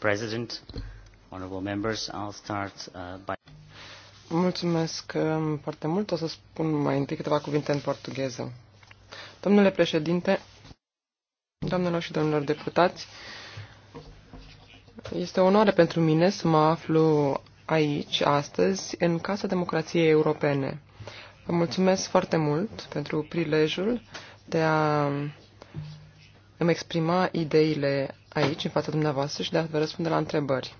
President, honorable members, I'll start uh, by... Mulțumesc um, foarte mult. O să spun mai întâi câteva cuvinte în portugheză. Domnule președinte, doamnelor și domnilor deputați, este o onoare pentru mine să mă aflu aici, astăzi, în Casa Democrației Europene. Vă mulțumesc foarte mult pentru prilejul de a um, îmi exprima ideile aici, în fața dumneavoastră, și de a vă răspunde la întrebări.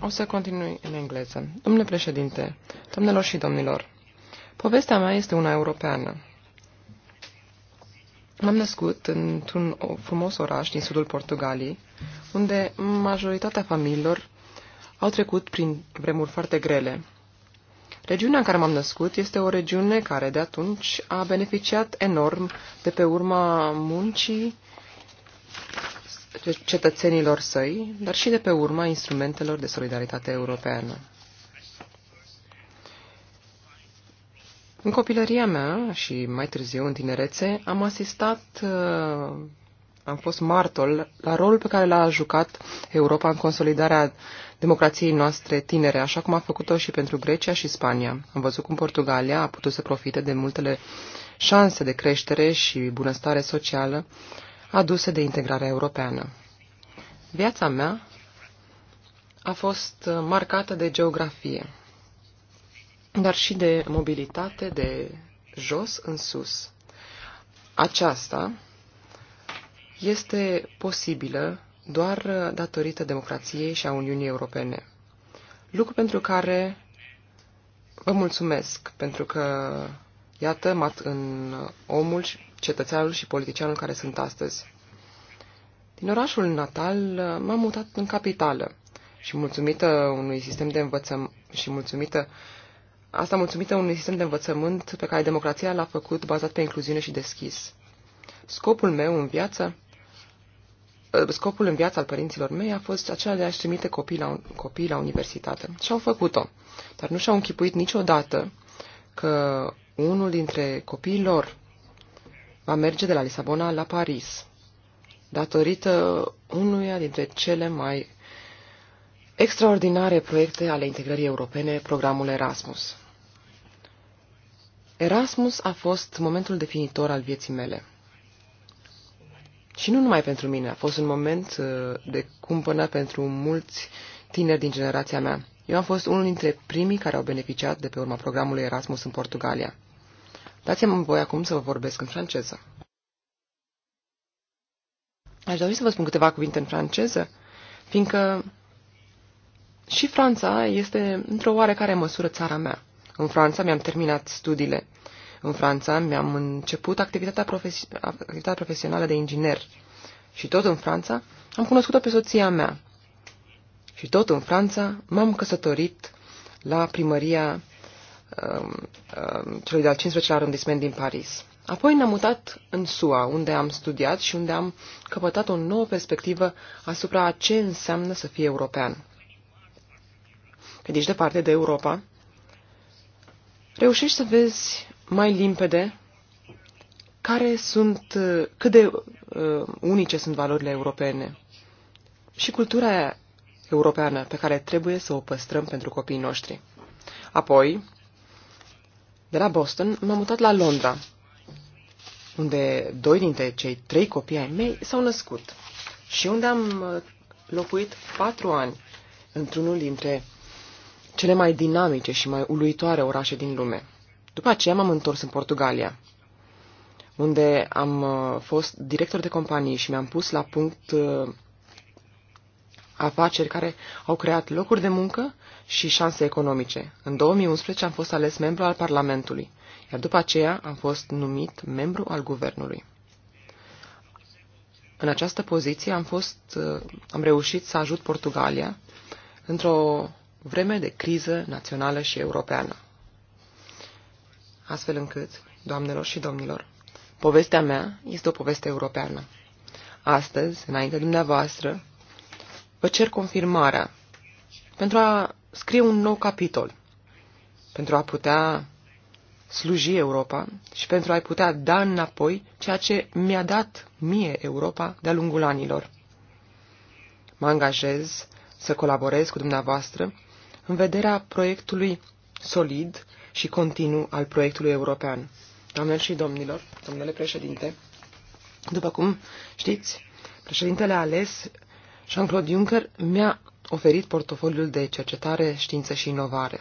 O să continui în engleză. Domnule președinte, domnilor și domnilor, povestea mea este una europeană. M-am născut într-un frumos oraș din sudul Portugaliei, unde majoritatea familiilor au trecut prin vremuri foarte grele. Regiunea în care m-am născut este o regiune care de atunci a beneficiat enorm de pe urma muncii cetățenilor săi, dar și de pe urma instrumentelor de solidaritate europeană. În copilăria mea și mai târziu în tinerețe am asistat uh, am fost martor la rolul pe care l-a jucat Europa în consolidarea democrației noastre tinere, așa cum a făcut-o și pentru Grecia și Spania. Am văzut cum Portugalia a putut să profite de multele șanse de creștere și bunăstare socială aduse de integrarea europeană. Viața mea a fost marcată de geografie, dar și de mobilitate de jos în sus. Aceasta este posibilă doar datorită democrației și a Uniunii Europene. Lucru pentru care vă mulțumesc, pentru că, iată, mat în omul, cetățeanul și politicianul care sunt astăzi. Din orașul natal m-am mutat în capitală și mulțumită unui sistem de învățământ și mulțumită asta mulțumită unui sistem de învățământ pe care democrația l-a făcut bazat pe incluziune și deschis. Scopul meu în viață Uh, scopul în viața al părinților mei a fost acela de a-și trimite copii la, copii la universitate. Și au făcut-o. Dar nu și-au închipuit niciodată că unul dintre copiii lor va merge de la Lisabona la Paris, datorită unuia dintre cele mai extraordinare proiecte ale integrării europene, programul Erasmus. Erasmus a fost momentul definitor al vieții mele. Și nu numai pentru mine, a fost un moment uh, de cumpănă pentru mulți tineri din generația mea. Eu am fost unul dintre primii care au beneficiat de pe urma programului Erasmus în Portugalia. Dați-mi voi acum să vă vorbesc în franceză. Aș dori să vă spun câteva cuvinte în franceză, fiindcă și Franța este într-o oarecare măsură țara mea. În Franța mi-am terminat studiile în Franța, mi-am început activitatea, profes- activitatea profesională de inginer. Și tot în Franța am cunoscut-o pe soția mea. Și tot în Franța m-am căsătorit la primăria uh, uh, celui de-al 15-lea arondisment din Paris. Apoi ne-am mutat în SUA, unde am studiat și unde am căpătat o nouă perspectivă asupra a ce înseamnă să fii european. Când ești departe de Europa, reușești să vezi mai limpede care sunt, cât de uh, unice sunt valorile europene și cultura europeană pe care trebuie să o păstrăm pentru copiii noștri. Apoi, de la Boston, m-am mutat la Londra, unde doi dintre cei trei copii ai mei s-au născut și unde am uh, locuit patru ani într-unul dintre cele mai dinamice și mai uluitoare orașe din lume. După aceea m-am întors în Portugalia, unde am uh, fost director de companie și mi-am pus la punct uh, afaceri care au creat locuri de muncă și șanse economice. În 2011 am fost ales membru al Parlamentului, iar după aceea am fost numit membru al Guvernului. În această poziție am, fost, uh, am reușit să ajut Portugalia într-o vreme de criză națională și europeană astfel încât, doamnelor și domnilor, povestea mea este o poveste europeană. Astăzi, înainte dumneavoastră, vă cer confirmarea pentru a scrie un nou capitol, pentru a putea sluji Europa și pentru a-i putea da înapoi ceea ce mi-a dat mie Europa de-a lungul anilor. Mă angajez să colaborez cu dumneavoastră în vederea proiectului solid și continuu al proiectului european. Doamnelor și domnilor, domnule președinte, după cum știți, președintele ales Jean-Claude Juncker mi-a oferit portofoliul de cercetare, știință și inovare.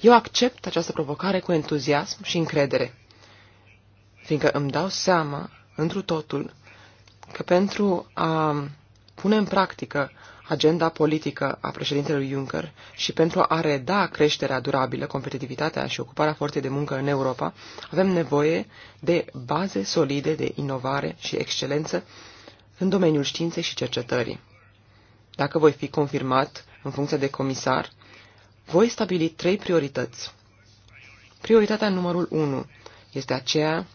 Eu accept această provocare cu entuziasm și încredere, fiindcă îmi dau seama, întru totul, că pentru a pune în practică agenda politică a președintelui Juncker și pentru a reda creșterea durabilă, competitivitatea și ocuparea forței de muncă în Europa, avem nevoie de baze solide de inovare și excelență în domeniul științei și cercetării. Dacă voi fi confirmat în funcție de comisar, voi stabili trei priorități. Prioritatea numărul 1 este aceea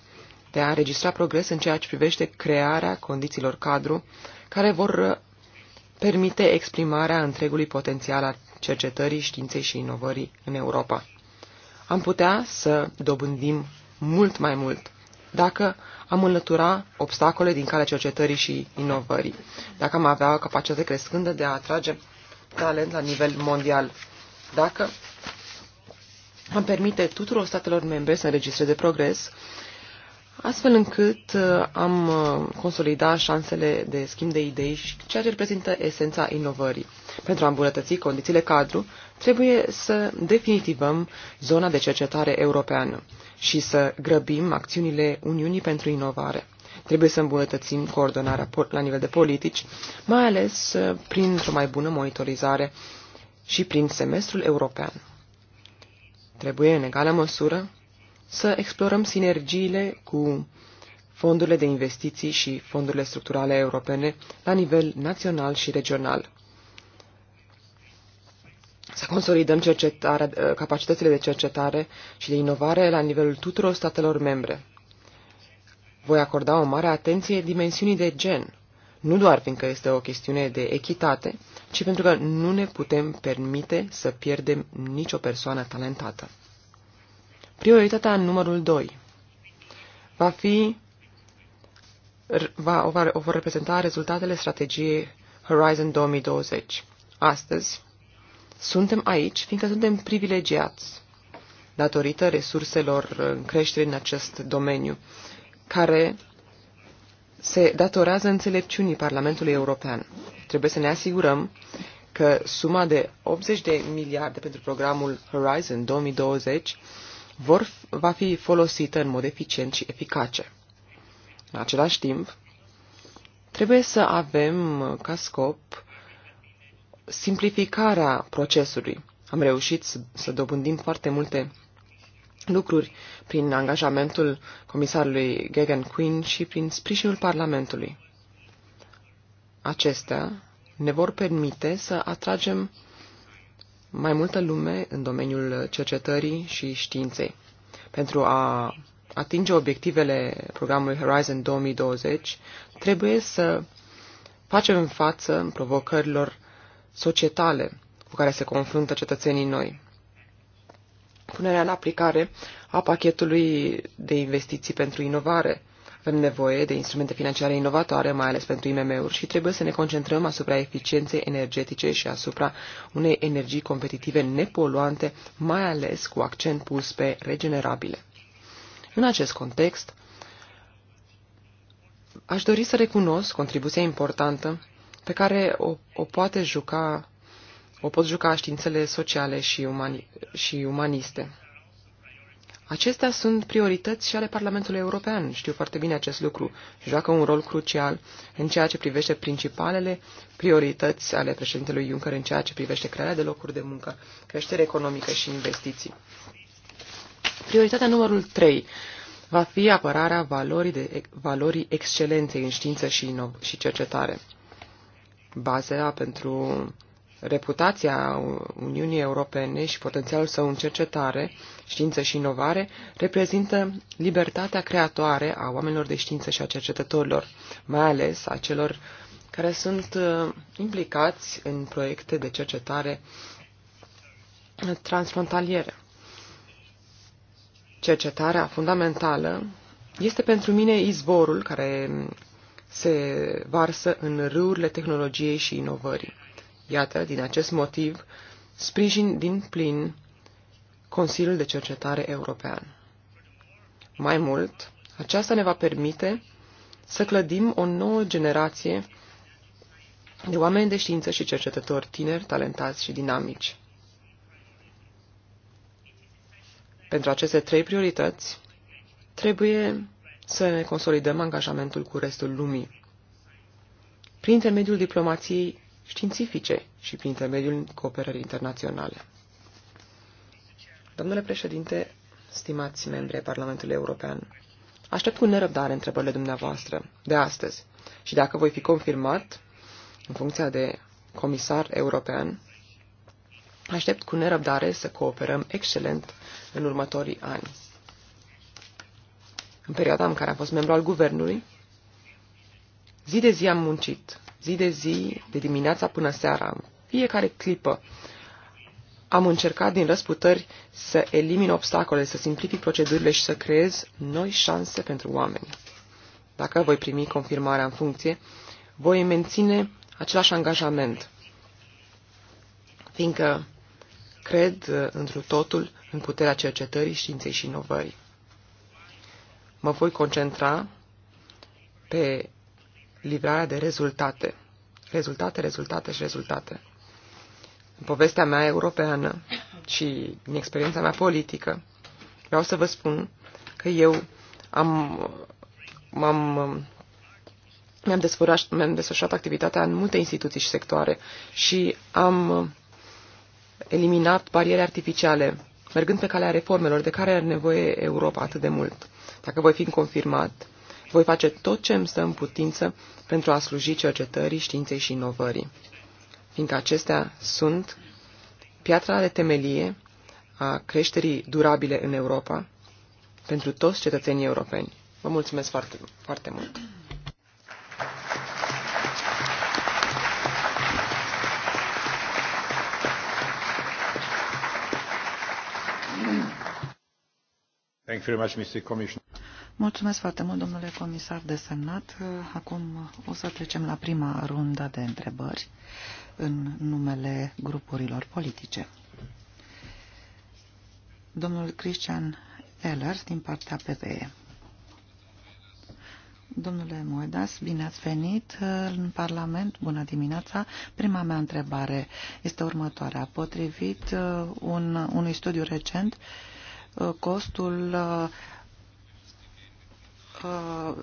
de a înregistra progres în ceea ce privește crearea condițiilor cadru care vor uh, permite exprimarea întregului potențial al cercetării, științei și inovării în Europa. Am putea să dobândim mult mai mult dacă am înlătura obstacole din calea cercetării și inovării, dacă am avea o capacitate crescândă de a atrage talent la nivel mondial, dacă am permite tuturor statelor membre să înregistreze progres astfel încât uh, am uh, consolidat șansele de schimb de idei și ceea ce reprezintă esența inovării. Pentru a îmbunătăți condițiile cadru, trebuie să definitivăm zona de cercetare europeană și să grăbim acțiunile Uniunii pentru inovare. Trebuie să îmbunătățim coordonarea la nivel de politici, mai ales uh, printr-o mai bună monitorizare și prin semestrul european. Trebuie, în egală măsură, să explorăm sinergiile cu fondurile de investiții și fondurile structurale europene la nivel național și regional. Să consolidăm capacitățile de cercetare și de inovare la nivelul tuturor statelor membre. Voi acorda o mare atenție dimensiunii de gen, nu doar fiindcă este o chestiune de echitate, ci pentru că nu ne putem permite să pierdem nicio persoană talentată. Prioritatea numărul 2 va fi, va, o, va, o vor reprezenta rezultatele strategiei Horizon 2020. Astăzi, suntem aici fiindcă suntem privilegiați datorită resurselor în creștere în acest domeniu, care se datorează înțelepciunii Parlamentului European. Trebuie să ne asigurăm că suma de 80 de miliarde pentru programul Horizon 2020 vor, va fi folosită în mod eficient și eficace. În același timp, trebuie să avem ca scop simplificarea procesului. Am reușit să dobândim foarte multe lucruri prin angajamentul comisarului Gagan Quinn și prin sprijinul Parlamentului. Acestea ne vor permite să atragem mai multă lume în domeniul cercetării și științei. Pentru a atinge obiectivele programului Horizon 2020, trebuie să facem în față provocărilor societale cu care se confruntă cetățenii noi. Punerea în aplicare a pachetului de investiții pentru inovare avem nevoie de instrumente financiare inovatoare, mai ales pentru IMM-uri, și trebuie să ne concentrăm asupra eficienței energetice și asupra unei energii competitive nepoluante, mai ales cu accent pus pe regenerabile. În acest context, aș dori să recunosc contribuția importantă pe care o, o poate juca o pot juca științele sociale și, umani, și umaniste. Acestea sunt priorități și ale Parlamentului European. Știu foarte bine acest lucru. Joacă un rol crucial în ceea ce privește principalele priorități ale președintelui Juncker în ceea ce privește crearea de locuri de muncă, creștere economică și investiții. Prioritatea numărul 3 va fi apărarea valorii, de, valorii excelenței în știință și, inov- și cercetare. Baza pentru reputația Uniunii Europene și potențialul său în cercetare, știință și inovare reprezintă libertatea creatoare a oamenilor de știință și a cercetătorilor, mai ales a celor care sunt uh, implicați în proiecte de cercetare transfrontaliere. Cercetarea fundamentală este pentru mine izvorul care se varsă în râurile tehnologiei și inovării. Iată, din acest motiv, sprijin din plin Consiliul de Cercetare European. Mai mult, aceasta ne va permite să clădim o nouă generație de oameni de știință și cercetători tineri, talentați și dinamici. Pentru aceste trei priorități, trebuie să ne consolidăm angajamentul cu restul lumii. Prin intermediul diplomației științifice și prin intermediul cooperării internaționale. Domnule președinte, stimați membri ai Parlamentului European, aștept cu nerăbdare întrebările dumneavoastră de astăzi și dacă voi fi confirmat în funcția de comisar european, aștept cu nerăbdare să cooperăm excelent în următorii ani. În perioada în care am fost membru al guvernului, zi de zi am muncit zi de zi, de dimineața până seara, în fiecare clipă. Am încercat din răsputări să elimin obstacole, să simplific procedurile și să creez noi șanse pentru oameni. Dacă voi primi confirmarea în funcție, voi menține același angajament, fiindcă cred uh, întru totul în puterea cercetării, științei și inovării. Mă voi concentra pe livrarea de rezultate. Rezultate, rezultate și rezultate. În povestea mea europeană și în experiența mea politică, vreau să vă spun că eu am, m-am, mi-am desfășurat, mi-am desfășurat activitatea în multe instituții și sectoare și am eliminat bariere artificiale, mergând pe calea reformelor de care are nevoie Europa atât de mult. Dacă voi fi confirmat, voi face tot ce îmi stă în putință pentru a sluji cercetării, științei și inovării, fiindcă acestea sunt piatra de temelie a creșterii durabile în Europa pentru toți cetățenii europeni. Vă mulțumesc foarte, foarte mult! Thank you very much, Mr. Commissioner. Mulțumesc foarte mult, domnule comisar desemnat. Acum o să trecem la prima rundă de întrebări în numele grupurilor politice. Domnul Cristian Eller, din partea PPE. Domnule Moedas, bine ați venit în Parlament. Bună dimineața. Prima mea întrebare este următoarea. Potrivit uh, un, unui studiu recent, uh, costul uh, Uh,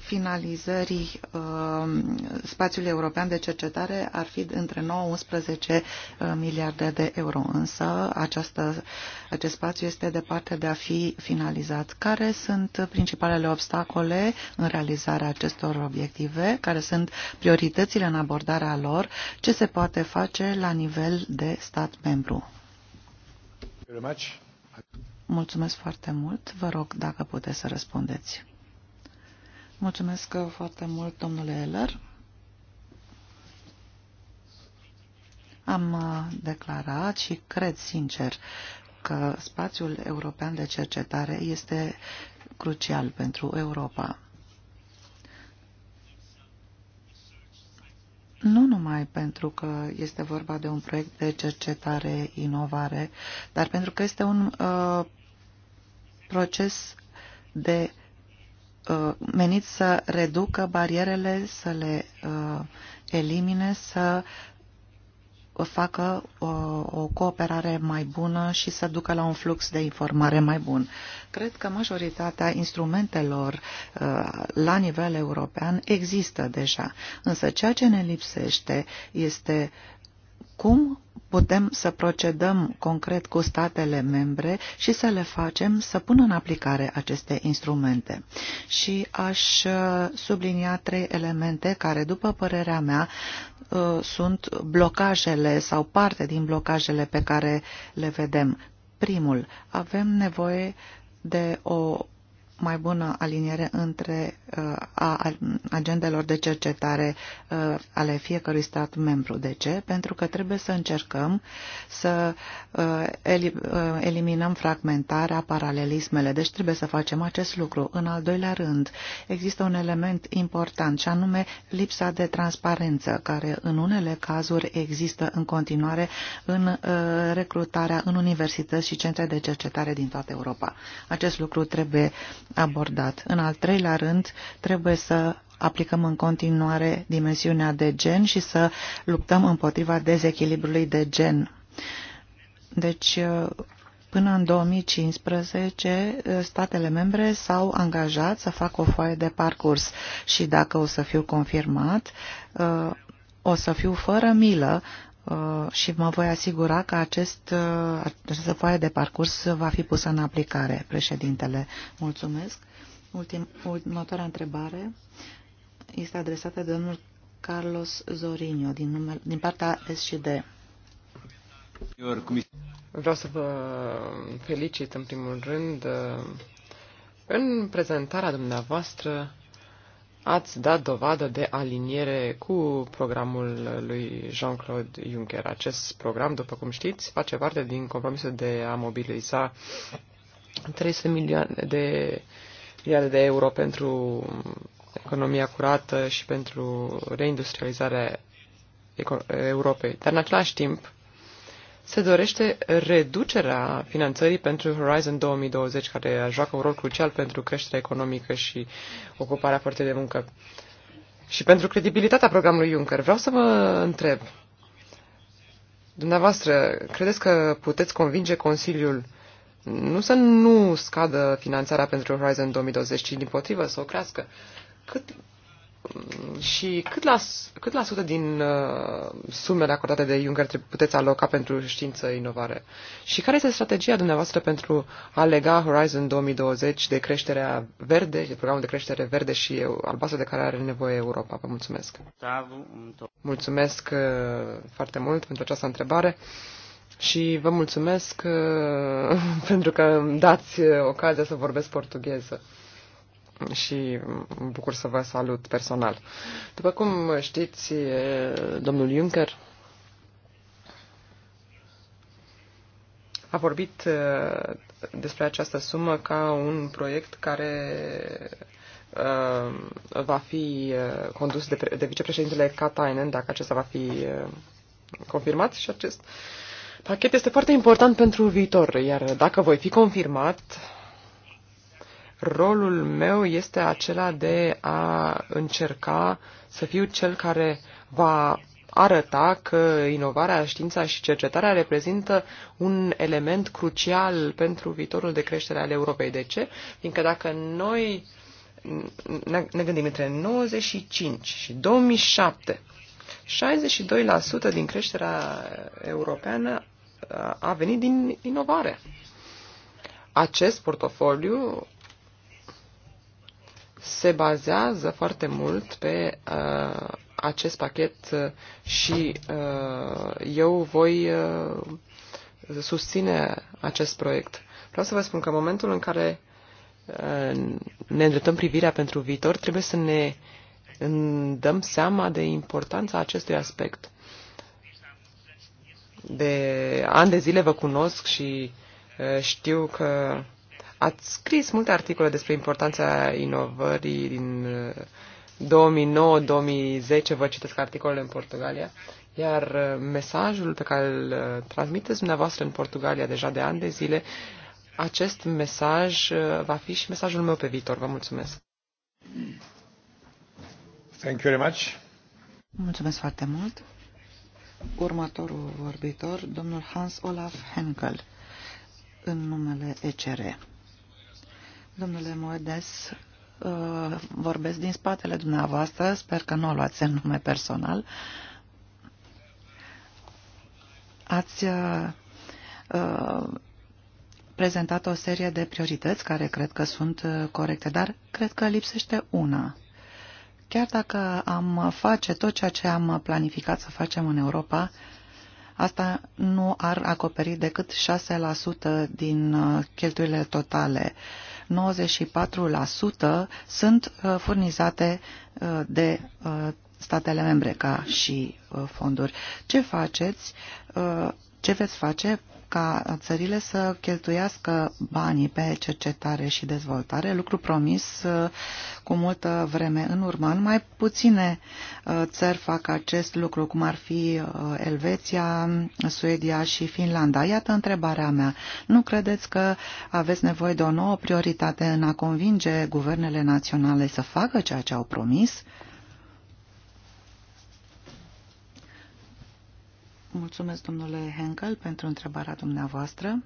finalizării uh, spațiului european de cercetare ar fi între 9-11 uh, miliarde de euro, însă această, acest spațiu este departe de a fi finalizat. Care sunt principalele obstacole în realizarea acestor obiective? Care sunt prioritățile în abordarea lor? Ce se poate face la nivel de stat membru? Mulțumesc foarte mult. Vă rog dacă puteți să răspundeți. Mulțumesc foarte mult, domnule Eller. Am uh, declarat și cred sincer că spațiul european de cercetare este crucial pentru Europa. Nu numai pentru că este vorba de un proiect de cercetare, inovare, dar pentru că este un uh, proces de Uh, menit să reducă barierele, să le uh, elimine, să facă o, uh, o cooperare mai bună și să ducă la un flux de informare mai bun. Cred că majoritatea instrumentelor la nivel european există deja, însă ceea ce ne lipsește este cum putem să procedăm concret cu statele membre și să le facem să pună în aplicare aceste instrumente. Și aș uh, sublinia trei elemente care, după părerea mea, uh, sunt blocajele sau parte din blocajele pe care le vedem. Primul, avem nevoie de o mai bună aliniere între uh, a agendelor de cercetare uh, ale fiecărui stat membru. De ce? Pentru că trebuie să încercăm să uh, eliminăm fragmentarea, paralelismele. Deci trebuie să facem acest lucru. În al doilea rând, există un element important și anume lipsa de transparență, care în unele cazuri există în continuare în recrutarea în universități și centre de cercetare din toată Europa. Acest lucru trebuie abordat. În al treilea rând, trebuie să aplicăm în continuare dimensiunea de gen și să luptăm împotriva dezechilibrului de gen. Deci, până în 2015, statele membre s-au angajat să facă o foaie de parcurs și dacă o să fiu confirmat, o să fiu fără milă Uh, și mă voi asigura că acest, uh, această foaie de parcurs va fi pusă în aplicare, președintele. Mulțumesc. Ultim, următoarea întrebare este adresată de domnul Carlos Zorinio din, numel, din partea SCD. Vreau să vă felicit în primul rând. Uh, în prezentarea dumneavoastră ați dat dovadă de aliniere cu programul lui Jean-Claude Juncker. Acest program, după cum știți, face parte din compromisul de a mobiliza 300 milioane de miliarde de euro pentru economia curată și pentru reindustrializarea Europei. Dar în același timp, se dorește reducerea finanțării pentru Horizon 2020, care joacă un rol crucial pentru creșterea economică și ocuparea forței de muncă. Și pentru credibilitatea programului Juncker, vreau să vă întreb, dumneavoastră, credeți că puteți convinge Consiliul nu să nu scadă finanțarea pentru Horizon 2020, ci din potrivă să o crească? Cât, și cât la, cât la sută din uh, sumele acordate de Juncker puteți aloca pentru știință inovare? Și care este strategia dumneavoastră pentru a lega Horizon 2020 de creșterea verde, de programul de creștere verde și albastră de care are nevoie Europa? Vă mulțumesc! Mulțumesc uh, foarte mult pentru această întrebare și vă mulțumesc uh, pentru că îmi dați uh, ocazia să vorbesc portugheză și mă bucur să vă salut personal. După cum știți, domnul Juncker a vorbit despre această sumă ca un proiect care va fi condus de, de vicepreședintele Katainen, dacă acesta va fi confirmat și acest pachet este foarte important pentru viitor, iar dacă voi fi confirmat, rolul meu este acela de a încerca să fiu cel care va arăta că inovarea, știința și cercetarea reprezintă un element crucial pentru viitorul de creștere al Europei. De ce? Fiindcă dacă noi ne gândim între 95 și 2007, 62% din creșterea europeană a venit din inovare. Acest portofoliu se bazează foarte mult pe uh, acest pachet și uh, eu voi uh, susține acest proiect. Vreau să vă spun că în momentul în care uh, ne îndreptăm privirea pentru viitor, trebuie să ne dăm seama de importanța acestui aspect. De ani de zile vă cunosc și uh, știu că Ați scris multe articole despre importanța inovării din 2009-2010, uh, vă citesc articolele în Portugalia, iar uh, mesajul pe care îl uh, transmiteți dumneavoastră în Portugalia deja de ani de zile, acest mesaj va fi și mesajul meu pe viitor. Vă mulțumesc. Thank you very much. Mulțumesc foarte mult. Următorul vorbitor, domnul Hans Olaf Henkel, în numele ECR. Domnule Moedes, uh, vorbesc din spatele dumneavoastră, sper că nu o luați în nume personal. Ați uh, uh, prezentat o serie de priorități care cred că sunt corecte, dar cred că lipsește una. Chiar dacă am face tot ceea ce am planificat să facem în Europa, asta nu ar acoperi decât 6% din cheltuielile totale 94% sunt uh, furnizate uh, de uh, statele membre ca și fonduri. Ce faceți? Ce veți face ca țările să cheltuiască banii pe cercetare și dezvoltare, lucru promis uh, cu multă vreme în urmă. Numai puține uh, țări fac acest lucru, cum ar fi uh, Elveția, Suedia și Finlanda. Iată întrebarea mea. Nu credeți că aveți nevoie de o nouă prioritate în a convinge guvernele naționale să facă ceea ce au promis? Mulțumesc, domnule Henkel, pentru întrebarea dumneavoastră.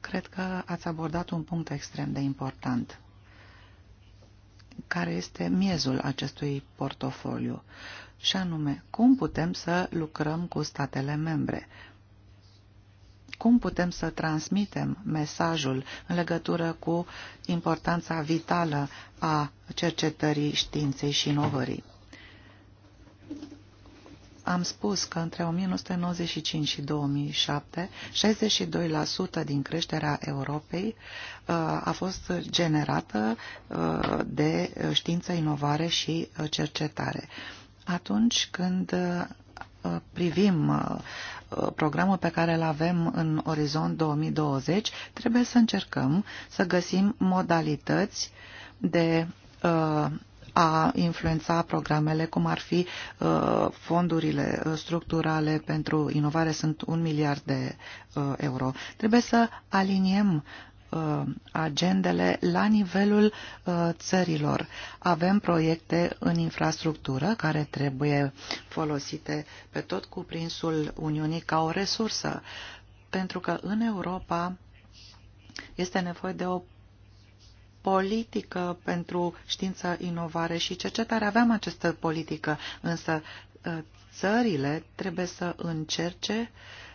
Cred că ați abordat un punct extrem de important, care este miezul acestui portofoliu, și anume, cum putem să lucrăm cu statele membre, cum putem să transmitem mesajul în legătură cu importanța vitală a cercetării științei și inovării am spus că între 1995 și 2007, 62% din creșterea Europei uh, a fost generată uh, de uh, știință, inovare și cercetare. Atunci când privim programul pe care îl avem în orizont 2020, trebuie să încercăm să găsim modalități de a influența programele, cum ar fi uh, fondurile uh, structurale pentru inovare, sunt un miliard de uh, euro. Trebuie să aliniem agendele la nivelul țărilor. Avem proiecte în infrastructură care trebuie folosite pe tot cuprinsul Uniunii ca o resursă, pentru că în Europa este nevoie de o politică pentru știință, inovare și cercetare. Aveam această politică, însă ă, țările trebuie să încerce uh,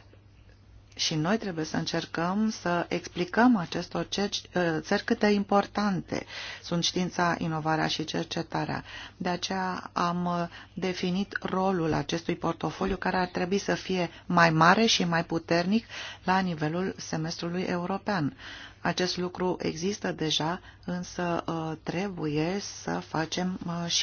și noi trebuie să încercăm să explicăm acestor cerci, ă, țări cât de importante sunt știința, inovarea și cercetarea. De aceea am ă, definit rolul acestui portofoliu care ar trebui să fie mai mare și mai puternic la nivelul semestrului european. Acest lucru există deja, însă ă, trebuie să facem și